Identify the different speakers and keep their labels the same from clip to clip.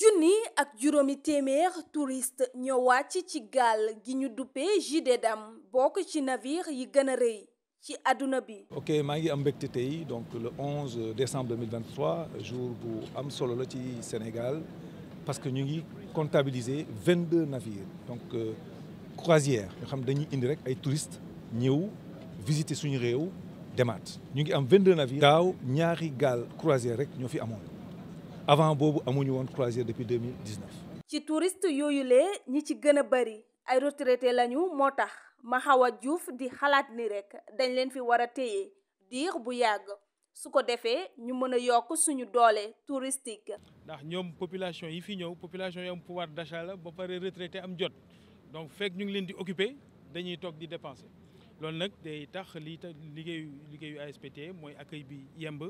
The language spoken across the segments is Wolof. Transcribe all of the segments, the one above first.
Speaker 1: junni ak juróomi téeméer touriste ñoo wàcc ci gaal gi ñu duppee Jidé Dam bokk ci navire yi gën rëy ci àdduna bi.
Speaker 2: ok maa ngi am mbégte tey donc le 11 décembre 2023 jour bu am solo la ci Sénégal parce que ñu ngi comptabiliser 22 navires donc euh, croisière yoo xam dañuy indi rek ay touristes ñëw visiter suñu réew demaat ñu ngi am 22 navires. daaw ñaari gaal croisière rek ñoo fi amoon avant boobu amuñu woon croisière depuis 2019.
Speaker 1: ci touriste yooyu lee ñi ci gën a bari ay retraité lañu moo tax ma Mahawa Diouf di xalaat ni rek dañ leen fi war a téye diir bu yàgg su ko defee ñu mën a yokk suñu doole touristique.
Speaker 3: ndax ñoom population yi fi ñëw population yi am pouvoir d'achat la ba pare retraité am jot donc fekk ñu ngi leen di occuper dañuy toog di dépenser. loolu nag day tax lii tax liggéeyu liggéeyu ASPT mooy accueil bi yemb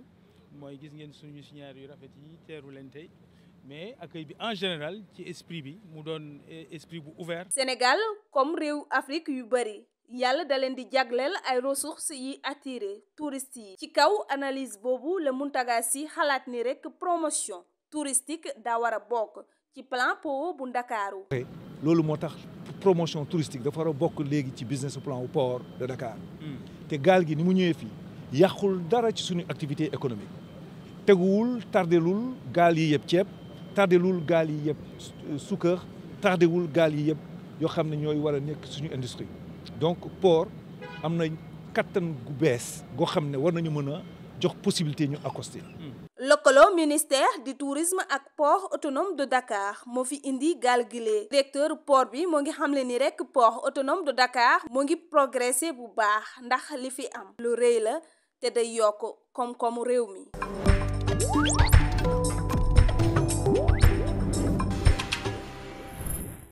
Speaker 3: mooy gis ngeen suñu signaar yu rafet yi teeru leen tey mais accueil bi en général ci esprit bi mu doon eh, esprit bu ouvert. Sénégal
Speaker 1: comme réew Afrique yu bari yàlla da leen di jagleel ay ressources yi attiré touristes yi. ci kaw analyse boobu la Mountaga Sy xalaat ni rekk promotion touristique daa war a bokk ci plan POO bu Ndakaaru.
Speaker 2: loolu moo tax promotion touristique dafa war a bokk léegi ci business plan au port de Dakar. Hmm. te gaal gi ni mu ñëwee fii yàqul dara ci suñu activité économique. teguwul tardelul gaal yi yëpp ceeb tardelul gaal yi yëpp sukkër euh, tardewul gaal yi yëpp yoo xam ne ñooy war a nekk suñu industrie. donc port am na kattan gu bees goo xam ne war nañu mën a jox possibilité ñu accosté.
Speaker 1: lëkkaloo ministère di tourisme ak port autonome du Dakar moo fi indi gaal gilee directeur poor bi moo ngi xamle ni rekk port autonome du Dakar moo ngi progressé bu baax ndax li fi am lu rëy la te day yokk koom-koomu réew mi